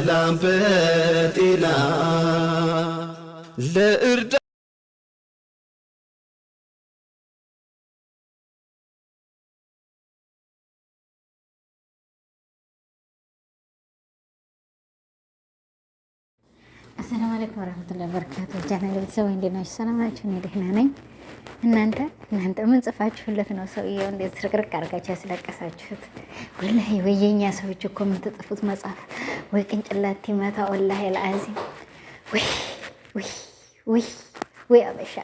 በሰላም በጤና ለእርዳ አሰላሙ አለይኩም ወረህመቱላሂ ወበረካቱህ። ቻናል ቤተሰብ እንዴት ናችሁ? ሰላም ናችሁ? እኔ ደህና ነኝ። እናንተ እናንተ ምን ጽፋችሁለት ነው ሰውዬው እንዴት ስርቅርቅ አድርጋችሁ ያስለቀሳችሁት? ወላሂ ወይ የኛ ሰዎች እኮ የምትጥፉት መጽሐፍ ወይ ቅንጭላት ይመታ። ወላሂ ለአዚ ወይ ወይ ወይ ወይ አበሻ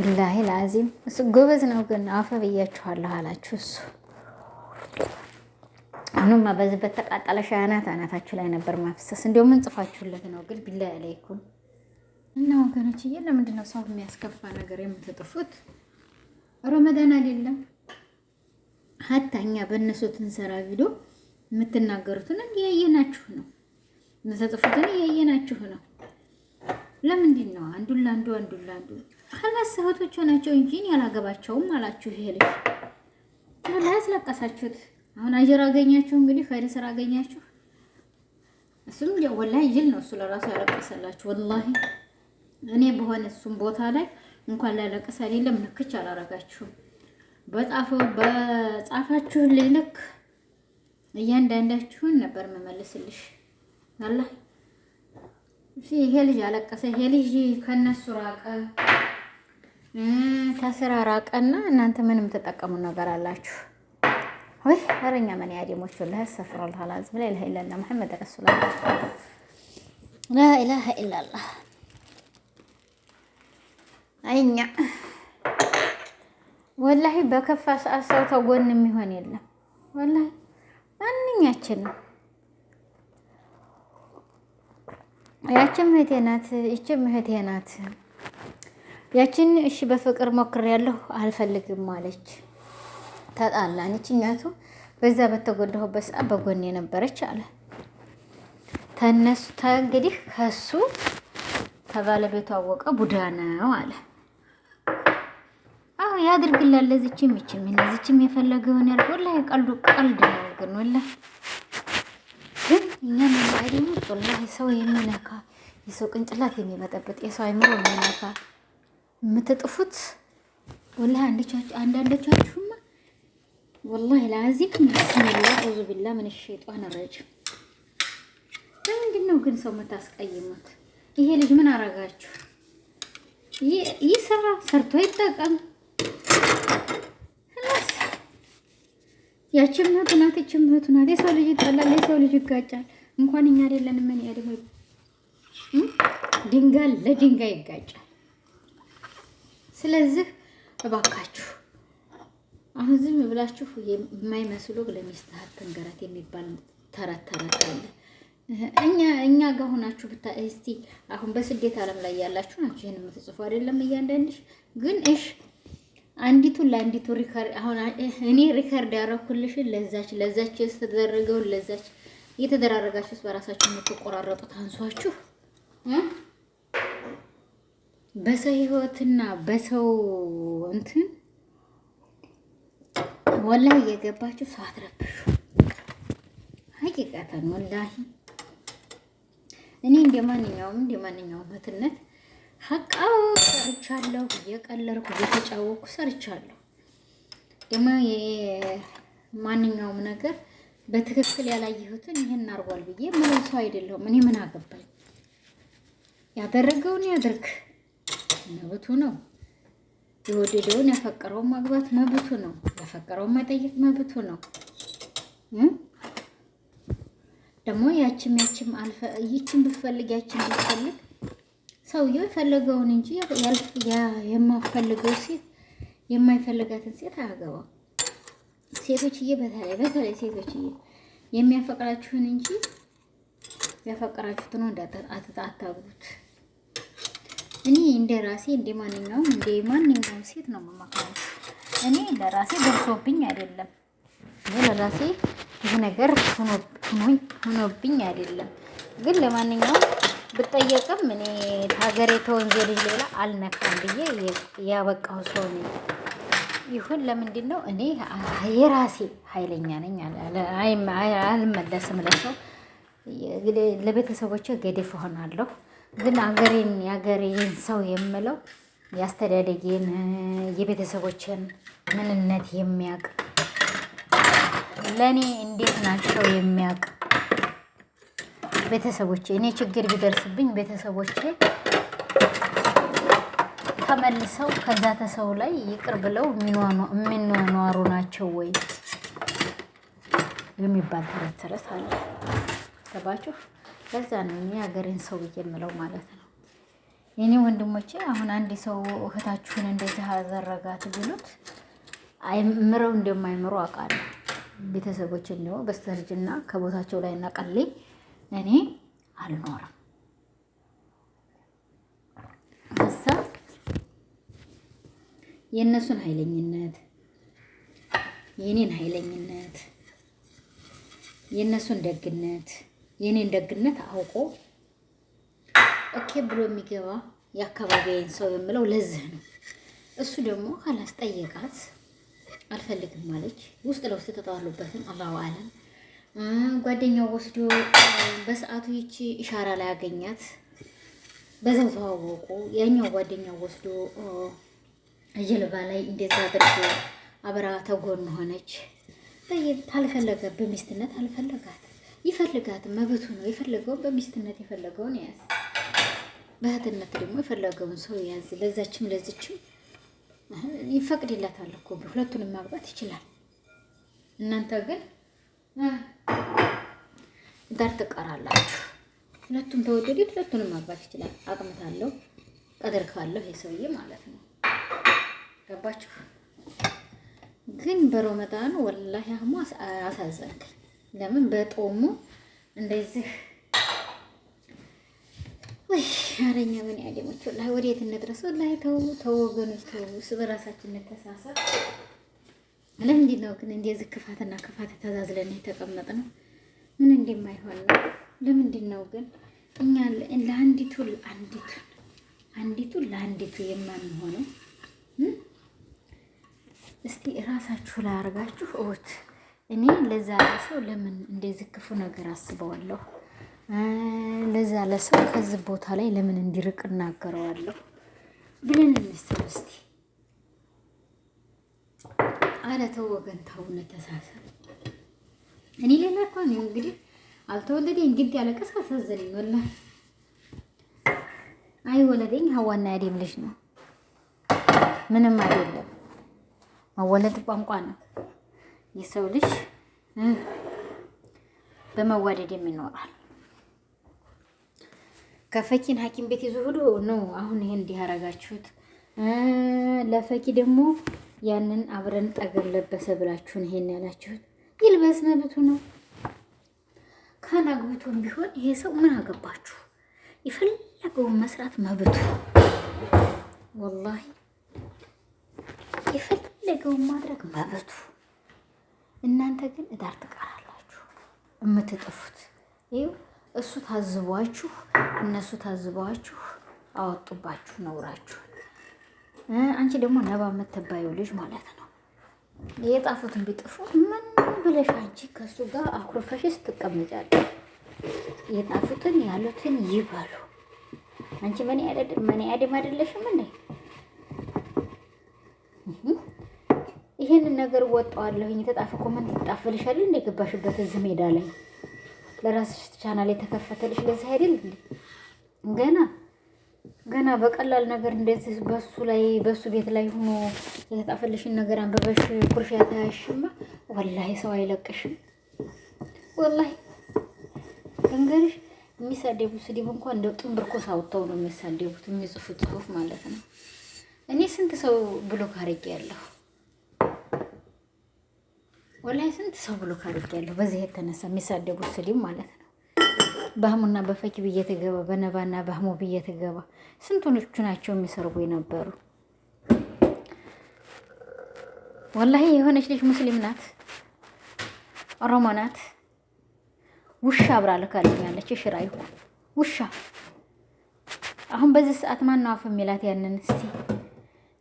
ወላሂ ለአዚም እሱ ጎበዝ ነው፣ ግን አፈ ብያችኋለሁ አላችሁ። እሱ አሁንማ በዚህ በተቃጠለ ሻያናት አናታችሁ ላይ ነበር ማፍሰስ። እንዲያው ምን ጽፋችሁለት ነው ግን ቢላ ያለይኩም እና ወገኖችዬ ለምንድን ነው ሰው የሚያስከፋ ነገር የምትጥፉት? ረመዳን አይደለም ሀታ እኛ በእነሱ ትንሰራ ቪዲዮ የምትናገሩትን እያየናችሁ ነው፣ የምትጥፉትን እያየናችሁ ነው። ለምንድን ነው አንዱን ለአንዱ አንዱን ለአንዱ ሀላስ እህቶች ሆናቸው እንጂ ያላገባቸውም አላችሁ። ይሄ ልጅ ያስለቀሳችሁት። አሁን አጀር አገኛችሁ እንግዲህ ኸይር ስራ አገኛችሁ። እሱም ወላሂ ጅል ነው እሱ ለራሱ ያለቀሰላችሁ ወላሂ እኔ በሆነ እሱም ቦታ ላይ እንኳን ላለቀስ አይደለም ንክች አላረጋችሁም። በጻፈው በጻፋችሁ ልክ እያንዳንዳችሁን ነበር የምመልስልሽ። አላህ ይሄ ልጅ አለቀሰ፣ ይሄ ልጅ ከነሱ ራቀ፣ ከስራ ራቀና እናንተ ምንም ተጠቀሙ ነገር አላችሁ ወይ? አረኛ ማን ያዲሞቹ ለሰፍራል ሐላዝ ላይ ለሃይላላ መሐመድ ረሱላህ ላ ኢላሃ ኢላላህ እኛ ወላሂ በከፋ ሰዓት ሰው ተጎን የሚሆን የለም። ወላሂ ማንኛችንም ያችን እህቴ ናት፣ ይችም እህቴ ናት። ያችን እሺ በፍቅር ሞክሬያለሁ አልፈልግም አለች፣ ተጣላን። ይችኛቱ በዛ በተጎዳሁበት ሰዓት በጎን የነበረች አለ ተነሱ እንግዲህ ከሱ ከባለቤቱ አወቀ ቡዳ ነው አለ ያው ያድርግላል። ለዚችም ይችም ለዚችም የፈለገውን ያርግ። ወላሂ ቀልዱ ቀልድ ነው ግን ወላሂ ግን እኛ ምንባይደሞ ወላሂ ሰው የሚነካ የሰው ቅንጭላት የሚበጠብጥ የሰው አይምሮ የሚነካ የምትጥፉት ወላሂ አንዳንዶቻችሁማ ወላሂ ለአዚም ብስሚላ አውዙ ቢላ ምን ሸይጣን ረጅም ምንድን ነው ግን ሰው የምታስቀይሙት? ይሄ ልጅ ምን አረጋችሁ? ይህ ስራ ሰርቶ ይጠቀም። ያቺም እህቱ ናት፣ ይቺም እህቱ ናት። የሰው ልጅ ይጣላል፣ የሰው ልጅ ይጋጫል። እንኳን እኛ አይደለን ምን ያደረ ድንጋይ ለድንጋይ ይጋጫል። ስለዚህ እባካችሁ አሁን ዝም ብላችሁ የማይመስሉ ለሚስትህ ተንገራት የሚባል ተረት ተረት አለ። እኛ እኛ ጋር ሆናችሁ ብታ እስቲ አሁን በስደት ዓለም ላይ ያላችሁ ናችሁ ይህን የምትጽፉ አይደለም እያንዳንድሽ ግን እሽ አንዲቱን ለአንዲቱ ሪከርድ አሁን እኔ ሪከርድ ያረኩልሽን ለዛች ለዛች የተደረገውን ለዛች እየተደራረጋችሁስ በራሳችሁ የምትቆራረጡት አንሷችሁ በሰው ህይወትና በሰው እንትን ወላሂ እየገባችሁ ሰው አትረብሹ። ሀቂቃተን ወላሂ እኔ እንደማንኛውም እንደማንኛውም እንደ እህትነት ሀቃው ሰርቻለሁ፣ እየቀለርኩ እየተጫወኩ ሰርቻለሁ። ደግሞ ማንኛውም ነገር በትክክል ያላየሁትን ይህን አርጓል ብዬ ምለው ሰው አይደለሁም። እኔ ምን አገባኝ? ያደረገውን ያድርግ፣ መብቱ ነው። የወደደውን ያፈቀረውን ማግባት መብቱ ነው። ያፈቀረውን መጠየቅ መብቱ ነው። ደግሞ ያችም ያችም አልፈ ይችን ብፈልግ ያችን ብፈልግ ሰውየው የፈለገውን እንጂ የማፈልገው ሴት የማይፈልጋትን ሴት አያገባም። ሴቶችዬ በተለይ በተለይ ሴቶችዬ የሚያፈቅራችሁን እንጂ ያፈቅራችሁትን ወንድ አታግቡት። እኔ እንደ ራሴ እንደ ማንኛውም እንደ ማንኛውም ሴት ነው የምመክረው። እኔ ለራሴ ደርሶብኝ አይደለም እኔ ለራሴ ይህ ነገር ሆኖብኝ አይደለም፣ ግን ለማንኛውም ብጠየቅም እኔ ሀገሬ ተወንጀ ልጅ ሌላ አልነካም ብዬ ያበቃው ሰው ነኝ። ይሁን ለምንድን ነው እኔ የራሴ ኃይለኛ ነኝ። አልመለስም ለሰው ለቤተሰቦች ገደፍ እሆናለሁ። ግን አገሬን የአገሬን ሰው የምለው የአስተዳደጌን የቤተሰቦችን ምንነት የሚያውቅ ለእኔ እንዴት ናቸው የሚያውቅ ቤተሰቦቼ እኔ ችግር ቢደርስብኝ ቤተሰቦቼ ተመልሰው ከዛ ተሰው ላይ ይቅር ብለው የሚኗኗሩ ናቸው ወይ የሚባል ተረት ተረት አለ። ገባችሁ? ለዛ ነው እኔ ሀገሬን ሰው ብዬ የምለው ማለት ነው። የኔ ወንድሞቼ አሁን አንድ ሰው እህታችሁን እንደዚህ አዘረጋት ቢሉት ምረው እንደማይምሩ አውቃለሁ። ቤተሰቦች እንዲሁ በስተርጅና ከቦታቸው ላይ እናቀልኝ እኔ አልኖርም። ከዛ የእነሱን ኃይለኝነት የእኔን ኃይለኝነት የእነሱን ደግነት የእኔን ደግነት አውቆ ኦኬ ብሎ የሚገባ የአካባቢዬን ሰው የምለው ለዚህ ነው። እሱ ደግሞ ካላስጠየቃት አልፈልግም ማለች ውስጥ ለውስጥ የተጣሉበትን አላሁ አለም ጓደኛው ወስዶ በሰዓቱ ይቺ ኢሻራ ላይ አገኛት። በዛው ተዋወቁ። ያኛው ጓደኛው ወስዶ ጀልባ ላይ እንደዛ አድርጎ አብራ ተጎን ሆነች። ታልፈለገ በሚስትነት አልፈለጋት ይፈልጋት መብቱ ነው። የፈለገውን በሚስትነት የፈለገውን ያዝ፣ በእህትነት ደግሞ የፈለገውን ሰው ያዝ። ለዛችም ለዚችም ይፈቅድላታል እኮ ሁለቱንም ማግባት ይችላል። እናንተ ግን ጋር ትቀራላችሁ። ሁለቱም ተወደደ፣ ሁለቱንም ማግባት ይችላል። አቅም ካለው ቀድር ካለው ይሄ ሰውዬ ማለት ነው። ገባችሁ? ግን በረመዳኑ ወላሂ አህሙ አሳዘንክ። ለምን በጦሙ እንደዚህ አረኛ ምን ያደሞች ወላሂ፣ ወዴት እንድረስ ወላሂ። ተው ተወገኖች፣ ተው ስበራሳችን እንተሳሰብ። ለምንድን ነው ግን እንደዚህ ክፋትና ክፋት ተዛዝለን የተቀመጥነው? ምን እንደማይሆን ነው። ለምንድን ነው ግን እኛ ለአንዲቱ ለአንዲቱ አንዲቱ ለአንዲቱ የማንሆነው? እስቲ እራሳችሁ ላይ አድርጋችሁ እውት እኔ ለዛ ለሰው ለምን እንደዚህ ክፉ ነገር አስበዋለሁ? ለዛ ለሰው ከዚህ ቦታ ላይ ለምን እንዲርቅ እናገረዋለሁ ብለን እንስት ኧረ ተው ወገን ተው፣ እንተሳሰብ። እኔ ሌላ እኮ ነው እንግዲህ አልተወለደ እንግዲህ ያለቀስ አሳዘነኝ። ወላ አይወለደኝ ሀዋና ያዴም ልጅ ነው። ምንም አይደለም። መወለድ ቋንቋ ነው። የሰው ልጅ በመዋደድ የሚኖራል። ከፈኪን ሐኪም ቤት ይዞ ሁሉ ነው አሁን ይሄን እንዲህ ለፈኪ ደግሞ ያንን አብረን ጠገብ ለበሰ ብላችሁን ይሄን ያላችሁት ይልበስ መብቱ ነው። ካላግብቶም ቢሆን ይሄ ሰው ምን አገባችሁ? የፈለገውን መስራት መብቱ ወላሂ የፈለገውን ማድረግ መብቱ። እናንተ ግን እዳር ትቀራላችሁ የምትጥፉት። ይኸው እሱ ታዝቧችሁ፣ እነሱ ታዝቧችሁ አወጡባችሁ ነውራችሁ። አንቺ ደግሞ ነባ የምትባየው ልጅ ማለት ነው የጣፉትን ቢጥፉ ምን ብለሽ አንቺ ከሱ ጋር አኩርፈሽስ ትቀመጫለሽ? የጣፉትን ያሉትን ይበሉ። አንቺ ምን ያድም አይደለሽም እንዴ? ይህንን ነገር ወጣዋለሁ። የተጣፈ ኮመንት አይደል እንዴ? የገባሽበት እዚህ ሜዳ ላይ ለራስሽ ቻናል የተከፈተልሽ ለዚህ አይደል እንዴ ገና ገና በቀላል ነገር እንደዚህ በሱ ላይ በሱ ቤት ላይ ሆኖ የተጣፈልሽን ነገር አንበበሽ ኩርሻ ተያሽማ፣ ወላሂ ሰው አይለቅሽም። ወላሂ እንግዲህ የሚሳደቡት ስድብ እንኳን እንደ ጥንብር ኮስ አውጥተው ነው የሚሳደቡት፣ የሚጽፉት ጽሁፍ ማለት ነው። እኔ ስንት ሰው ብሎክ ያለሁ፣ ወላሂ ስንት ሰው ብሎክ ያለሁ በዚህ የተነሳ የሚሳደቡት ስድብ ማለት ነው። በህሙና በፈኪ ብዬ በነባና በህሙ ብዬ ተገባ። ስንቶቹ ናቸው የሚሰርጉ የነበሩ? ወላሂ የሆነች ልጅ ሙስሊም ናት፣ ኦሮሞ ናት። ውሻ አብራ ልካልኛለች። ሽራ ይሆን ውሻ። አሁን በዚህ ሰዓት ነው አፍ የሚላት ያንን? እስቲ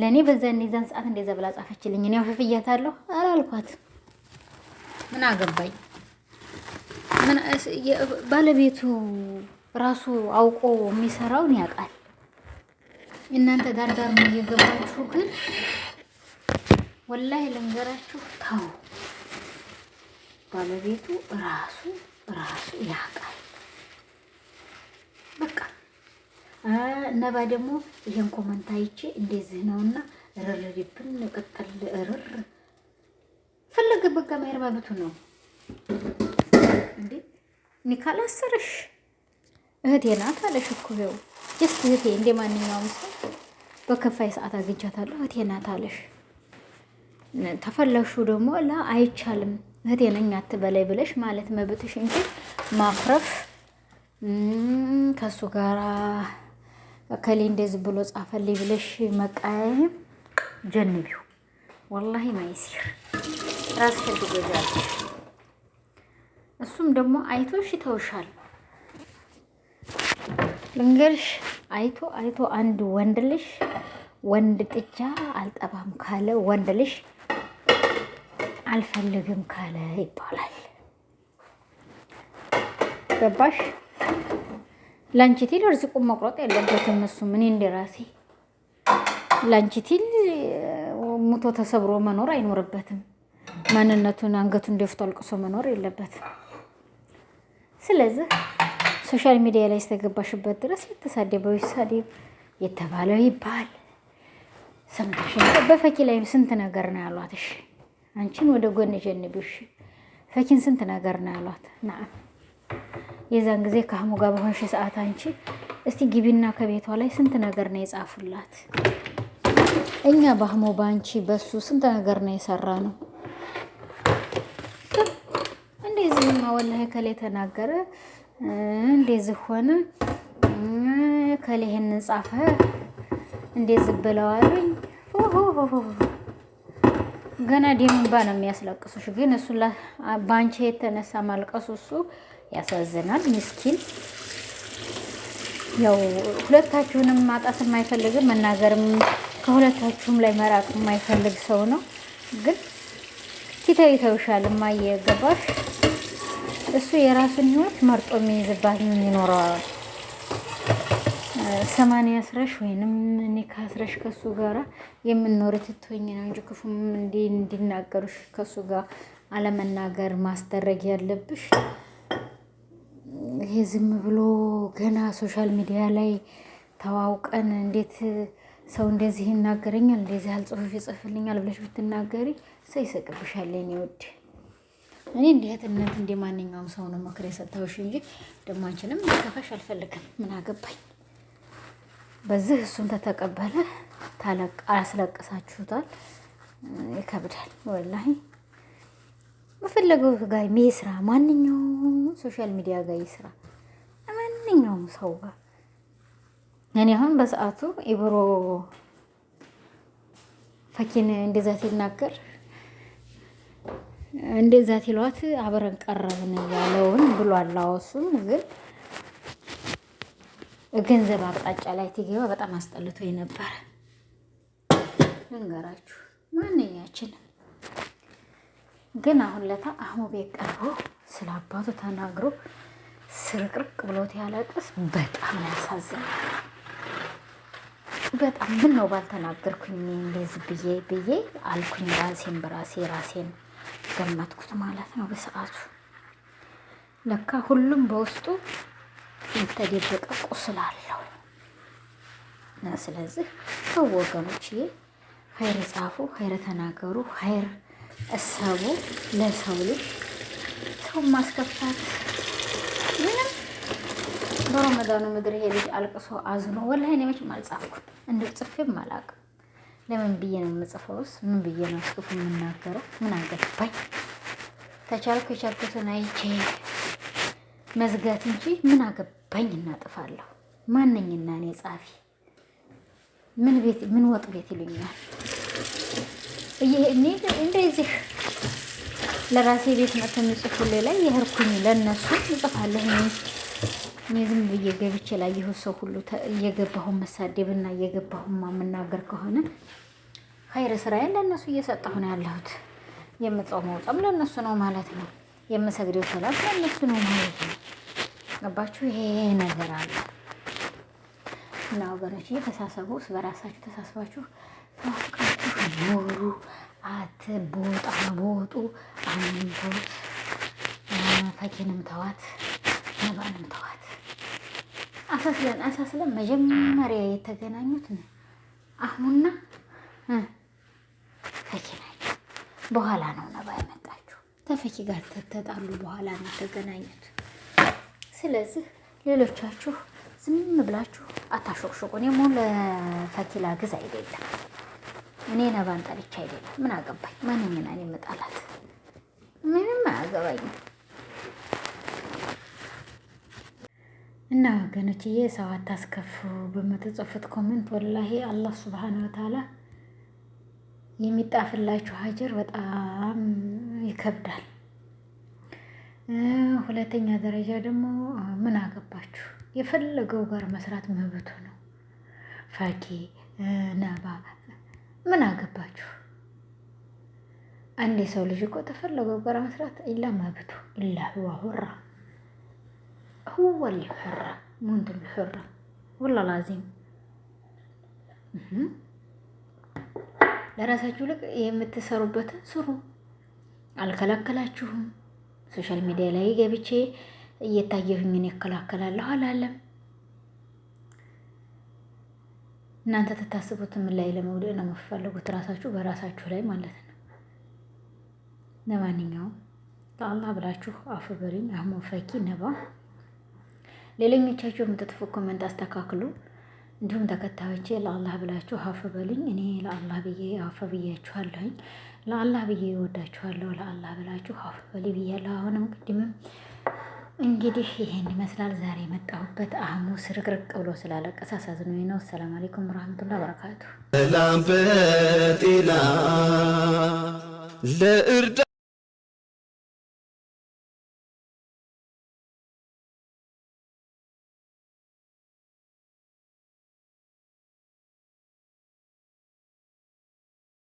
ለእኔ በዛ እንደዛን ሰዓት እንደዛ ብላ ጻፈችልኝ። እኔ አፈፍያታለሁ አላልኳት። ምን አገባኝ ባለቤቱ ራሱ አውቆ የሚሰራውን ያውቃል። እናንተ ዳርዳር ነው እየገባችሁ ግን ወላሂ ልንገራችሁ፣ ተው ባለቤቱ ራሱ ራሱ ያውቃል። በቃ ነባ ደግሞ ይሄን ኮመንት አይቼ እንደዚህ ነውና ርርድብን ቅጥል ርር ፈለገ በቃ ማይረባብቱ ነው። እንዴ እኔ እህቴ ናት አለሽ እኮ ይኸው ጀስት እህቴ እንደ ማንኛውም ሰው በከፋይ ሰዓት አግኝቻታለሁ እህቴ ናት አለሽ። ደግሞ ላ አይቻልም እህቴ ነኝ አትበላይ ብለሽ ማለት መብትሽ እንጂ ማኩረፍ ከእሱ እንደዚህ ብሎ ጻፈልኝ ብለሽ መቃየም ጀንቢው ወላሂ ማይሲር ራስሽን ትጎጃለሽ። እሱም ደግሞ አይቶሽ ይተውሻል። ልንገርሽ፣ አይቶ አይቶ አንድ ወንድ ልሽ ወንድ ጥጃ አልጠባም ካለ ወንድ ልሽ አልፈልግም ካለ ይባላል። ገባሽ? ላንቺ ቲል እርዝቁን መቁረጥ የለበትም። እሱ ምን እንደራሴ ላንቺ ቲል ሙቶ ተሰብሮ መኖር አይኖርበትም። ማንነቱን አንገቱን ደፍቶ አልቅሶ መኖር የለበትም። ስለዚህ ሶሻል ሚዲያ ላይ ስተገባሽበት ድረስ የተሳደበው ይሳደብ፣ የተባለው ይባል። ሰምተሽ በፈኪ ላይም ስንት ነገር ነው ያሏት። እሺ አንቺን ወደ ጎን ጀንብሽ፣ ፈኪን ስንት ነገር ነው ያሏት። ና የዛን ጊዜ ከአህሙ ጋር በሆንሽ ሰዓት አንቺ እስቲ ግቢና ከቤቷ ላይ ስንት ነገር ነው የጻፉላት። እኛ በአህሙ በአንቺ በሱ ስንት ነገር ነው የሰራ ነው ወላሂ ከላይ ተናገረ እንደዚህ ሆነ ከላይ ይሄንን ጻፈ እንደዚህ ብለዋልኝ ገና ደምባ ነው የሚያስለቅሱሽ። ግን እሱ በአንቺ የተነሳ ማልቀሱ እሱ ያሳዝናል። ምስኪን ያው ሁለታችሁንም ማጣት የማይፈልግ መናገርም ከሁለታችሁም ላይ መራቅ የማይፈልግ ሰው ነው። ግን ቲተይተውሻል ማየገባሽ እሱ የራሱን ህይወት መርጦ የሚይዝባት ነው የሚኖረው። ሰማንያ አስረሽ ወይንም እኔ ከአስረሽ ከሱ ጋራ የምኖር ትቶኝ ነው እንጂ ክፉም እንዲ እንዲናገሩሽ ከሱ ጋር አለመናገር ማስደረግ ያለብሽ ይሄ ዝም ብሎ ገና ሶሻል ሚዲያ ላይ ተዋውቀን እንዴት ሰው እንደዚህ ይናገረኛል፣ እንደዚህ ያህል ጽሁፍ ይጽፍልኛል ብለሽ ብትናገሪ ሰው ይስቅብሻል። የኔ ውድ እኔ እንዲህ እህትነት እንደ ማንኛውም ሰው ነው ምክር የሰጠሁሽ እንጂ ደግሞ አንቺንም ከፋሽ አልፈልግም። ምን አገባኝ? በዚህ እሱን ተተቀበለ ታለቅ አስለቅሳችሁታል። ይከብዳል ወላሂ። በፈለገው ጋ ይሄ ስራ ማንኛውም ሶሻል ሚዲያ ጋ ይስራ ማንኛውም ሰው ጋር እኔ አሁን በሰዓቱ ኢብሮ ፈኪን እንደዛ ሲናገር እንደዛ ትሏት አብረን ቀረብን ያለውን ብሏል። አወሱም ግን ገንዘብ አቅጣጫ ላይ ትገባ በጣም አስጠልቶ ነበረ። ልንገራችሁ ማንኛችንም ግን አሁን ለታ አህሙ ቤት ቀርቦ ስለ አባቱ ተናግሮ ስርቅርቅ ብሎት ያለቅስ በጣም ያሳዝናል። በጣም ምን ነው ባልተናገርኩኝ እንደዚህ ብዬ ብዬ አልኩኝ ራሴን በራሴ ራሴን ገመትኩት ማለት ነው። በሰዓቱ ለካ ሁሉም በውስጡ የተደበቀ ቁስል አለው። ስለዚህ ሰው ወገኖችዬ፣ ኸይር ጻፉ፣ ኸይር ተናገሩ፣ ኸይር እሰቡ። ለሰው ልጅ ሰው ማስከፋት ምንም በረመዳኑ ምድር ይሄ ልጅ አልቅሶ አዝኖ ወላሂ እኔ መቼም አልጻፍኩም እንድጽፌም አላውቅም። ለምን ብዬ ነው የምጽፈውስ? ምን ብዬ ነው ጽሁፍ የምናገረው? ምን አገባኝ። ተቻልኩ የቻልኩትን አይቼ መዝጋት እንጂ ምን አገባኝ። እናጥፋለሁ። ማነኝና እኔ ጻፊ? ምን ቤት ምን ወጥ ቤት ይሉኛል። ይሄ እኔ እንደዚህ ለራሴ ቤት መተን ጽፉ ላይ የህርኩኝ ለእነሱ እጽፋለሁ። እኔ ዝም ብዬ ገብቼ ላየሁ ሰው ሁሉ እየገባሁን መሳደብ እና እየገባሁማ መናገር ከሆነ ኸይር ስራዬን ለእነሱ እየሰጠሁ ነው ያለሁት። የምጾመው ጾም ለእነሱ ነው ማለት ነው። የምሰግደው ሰላት ለእነሱ ነው ማለት ነው። ገባችሁ? ይሄ ነገር አለ እና ወገኖች እየተሳሰቡ እስ በራሳችሁ ተሳስባችሁ ተዋቃችሁ ኖሩ። ቦጣ ቦጡ። አሚን ፈኪንም ተዋት፣ ነባንም ተዋት። አሳስለን አሳስለን መጀመሪያ የተገናኙት ነው አህሙና ፈኪ ናቸው። በኋላ ነው ነባ ያመጣችሁ። ተፈኪ ጋር ተጣሉ በኋላ ነው የተገናኙት። ስለዚህ ሌሎቻችሁ ዝም ብላችሁ አታሾቅሾቁ። እኔ ሙ ለፈኪላ ግዝ አይደለም እኔ ነባን ጠልቼ አይደለም። ምን አገባኝ? ማንኛና እኔ መጣላት ምንም አያገባኝም። እና ወገኖችዬ ሰው አታስከፉ። በምትጽፉት ኮመንት ወላሂ አላህ ስብሓን ወተዓላ የሚጣፍላችሁ ሀጀር በጣም ይከብዳል። ሁለተኛ ደረጃ ደግሞ ምን አገባችሁ? የፈለገው ጋር መስራት መብቱ ነው። ፋኪ ነባ ምን አገባችሁ? አንድ የሰው ልጅ እኮ ተፈለገው ጋር መስራት ኢላ መብቱ ኢላ ህዋ ሁራ هو الحرة مو انتم الحرة ላዚም ለራሳችሁ ልቅ የምትሰሩበትን ስሩ፣ አልከላከላችሁም። ሶሻል ሚዲያ ላይ ገብቼ እየታየሁኝን ይከላከላለሁ አላለም። እናንተ ትታስቡትን ምን ላይ ለመውደቅ ነው የምትፈልጉት? ራሳችሁ በራሳችሁ ላይ ማለት ነው። ለማንኛውም ለአላህ ብላችሁ አፍ በሉኝ። አህሙ ፈኪ ነባ ሌሎኞቻችሁ የምትጥፉ ኮመንት አስተካክሉ። እንዲሁም ተከታዮቼ ለአላህ ብላችሁ አፍ በሉኝ። እኔ ለአላህ ብዬ አፍ ብያችኋለሁኝ። ለአላህ ብዬ እወዳችኋለሁ። ለአላህ ብላችሁ አፍ በሉ ብያለሁ። አሁንም ቅድምም እንግዲህ ይሄን ይመስላል ዛሬ የመጣሁበት። አህሙ ስርቅርቅ ብሎ ስላለቀሰ አሳዝኖ ነው። አሰላም አለይኩም ረህመቱላ በረካቱ። ሰላም በጤና ለእርዳ